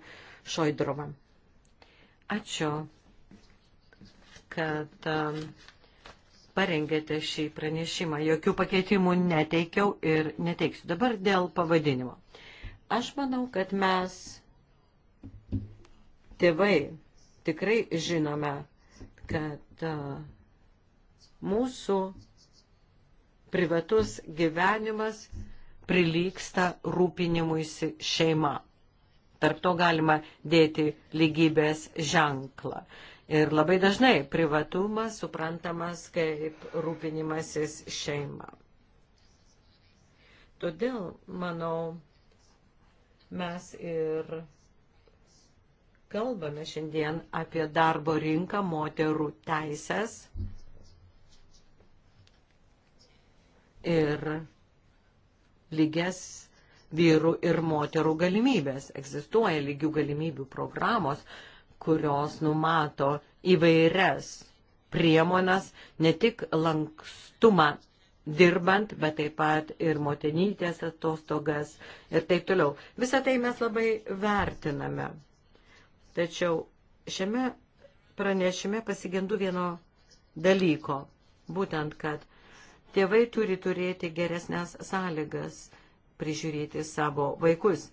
Šoidrova. Ačiū, kad e, parengėte šį pranešimą. Jokių pakeitimų neteikiau ir neteiksiu. Dabar dėl pavadinimo. Aš manau, kad mes tėvai, tikrai žinome, kad mūsų privatus gyvenimas prilyksta rūpinimuisi šeima. Tarp to galima dėti lygybės ženklą. Ir labai dažnai privatumas suprantamas kaip rūpinimasis šeima. Todėl, manau, mes ir Kalbame šiandien apie darbo rinką, moterų teisės ir lygias vyrų ir moterų galimybės. Egzistuoja lygių galimybių programos, kurios numato įvairias priemonas, ne tik lankstumą dirbant, bet taip pat ir motinytės atostogas ir taip toliau. Visą tai mes labai vertiname. Tačiau šiame pranešime pasigendu vieno dalyko, būtent, kad tėvai turi turėti geresnės sąlygas prižiūrėti savo vaikus.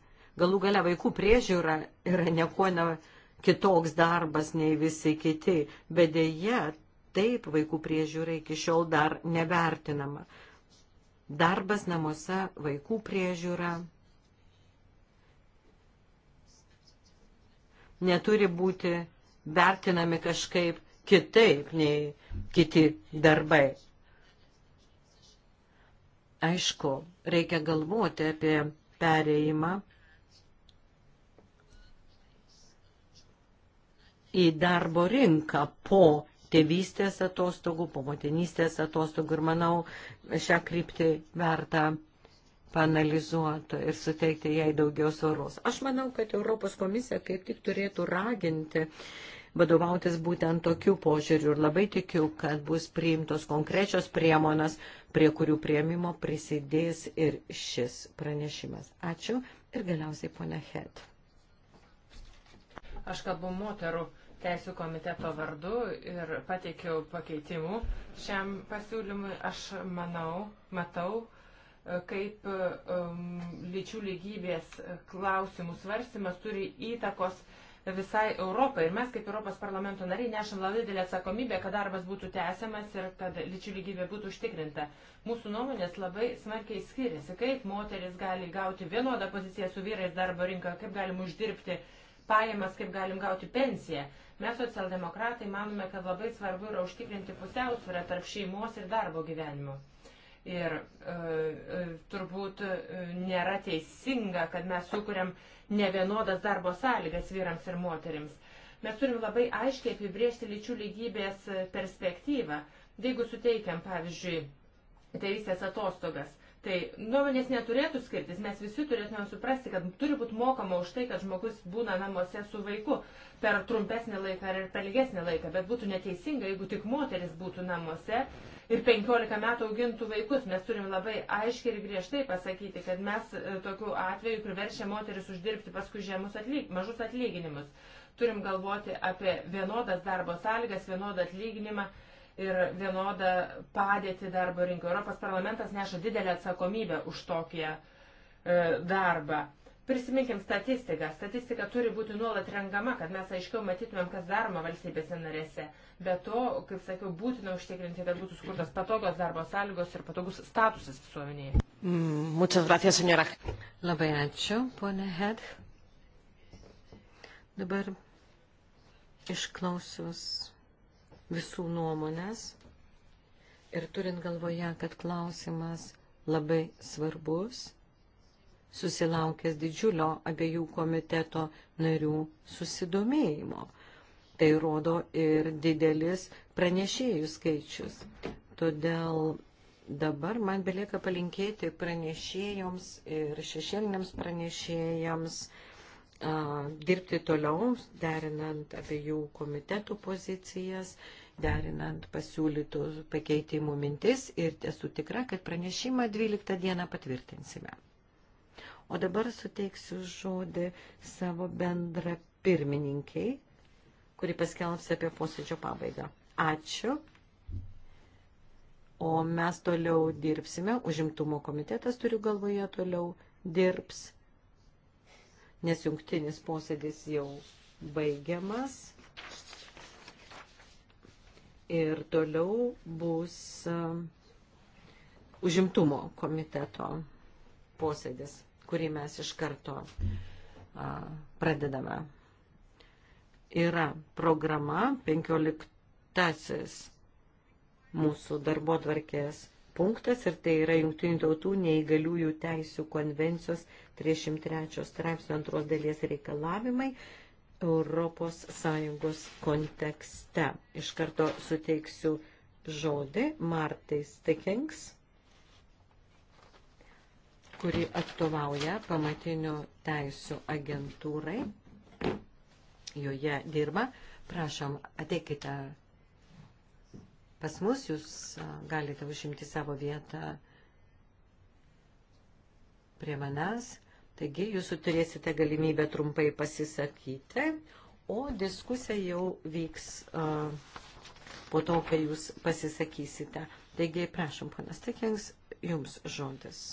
Galų gale vaikų priežiūra yra nieko ne kitoks darbas nei visi kiti, bet dėje taip vaikų priežiūra iki šiol dar nevertinama. Darbas namuose, vaikų priežiūra neturi būti vertinami kažkaip kitaip nei kiti darbai. Aišku, reikia galvoti apie pereimą į darbo rinką po tėvystės atostogų, po motinystės atostogų ir manau, šią kryptį verta panalizuota ir suteikti jai daugiau svaros. Aš manau, kad Europos komisija kaip tik turėtų raginti vadovautis būtent tokiu požiūriu ir labai tikiu, kad bus priimtos konkrečios priemonas, prie kurių prieimimo prisidės ir šis pranešimas. Ačiū ir galiausiai ponia Het. Aš kalbu moterų teisų komiteto vardu ir pateikiau pakeitimų šiam pasiūlymui. Aš manau, matau, kaip um, lyčių lygybės klausimų svarstymas turi įtakos visai Europai. Ir mes kaip Europos parlamento nariai nešam labai didelę atsakomybę, kad darbas būtų tęsiamas ir kad lyčių lygybė būtų užtikrinta. Mūsų nuomonės labai smarkiai skiriasi, kaip moteris gali gauti vienodą poziciją su vyrais darbo rinkoje, kaip galim uždirbti pajamas, kaip galim gauti pensiją. Mes socialdemokratai manome, kad labai svarbu yra užtikrinti pusiausvyrą tarp šeimos ir darbo gyvenimo. Ir e, e turbūt e, nėra teisinga, kad mes sukuriam ne vienodas darbo sąlygas vyrams ir moterims. Mes turim labai aiškiai apibriežti lyčių lygybės perspektyvą. Jeigu suteikiam, pavyzdžiui, tėvystės atostogas, Tai nuomonės neturėtų skirtis, mes visi turėtumėm suprasti, kad turi būti mokama už tai, kad žmogus būna namuose su vaiku per trumpesnį laiką ar per ilgesnį laiką, bet būtų neteisinga, jeigu tik moteris būtų namuose ir 15 metų augintų vaikus. Mes turim labai aiškiai ir griežtai pasakyti, kad mes e, tokiu atveju priveršia moteris uždirbti paskui žemus atlyg, mažus atlyginimus. Turim galvoti apie vienodas darbo sąlygas, vienodą atlyginimą ir vienodą padėtį darbo rinkoje. Europos parlamentas neša didelę atsakomybę už tokį e, darbą. Prisiminkim statistiką. Statistika turi būti nuolat rengama, kad mes aiškiau matytumėm, kas daroma valstybėse narėse. Be to, kaip sakiau, būtina užtikrinti, kad būtų skurtas patogios darbo sąlygos ir patogus statusas visuomenėje. Mm, muchas gracias, senora. Labai ačiū, ponė Head. Dabar išklausius visų nuomonės ir turint galvoje, kad klausimas labai svarbus, susilaukęs didžiulio abiejų komiteto narių susidomėjimo. Tai rodo ir didelis pranešėjų skaičius. Todėl dabar man belieka palinkėti pranešėjoms ir šešėliniams pranešėjams a, dirbti toliau, derinant abiejų komitetų pozicijas derinant pasiūlytų pakeitimų mintis ir esu tikra, kad pranešimą 12 dieną patvirtinsime. O dabar suteiksiu žodį savo bendra pirmininkiai, kurį paskelbs apie posėdžio pabaigą. Ačiū. O mes toliau dirbsime, užimtumo komitetas turiu galvoje toliau dirbs, nes jungtinis posėdis jau baigiamas. Ir toliau bus um, užimtumo komiteto posėdis, kurį mes iš karto uh, pradedame yra programa 15 mūsų darbo tvarkės punktas ir tai yra Junktinių tautų neįgaliųjų teisų konvencijos 303 straipsnio antros dalies reikalavimai Europos Sąjungos kontekste. Iš karto suteiksiu žodį Martai Stikings, kuri atstovauja pamatinių teisų agentūrai joje dirba. Prašom, ateikite pas mus, jūs galite užimti savo vietą prie manęs. Taigi, jūs turėsite galimybę trumpai pasisakyti, o diskusija jau vyks uh, po to, kai jūs pasisakysite. Taigi, prašom, panas Tikings, jums žodis.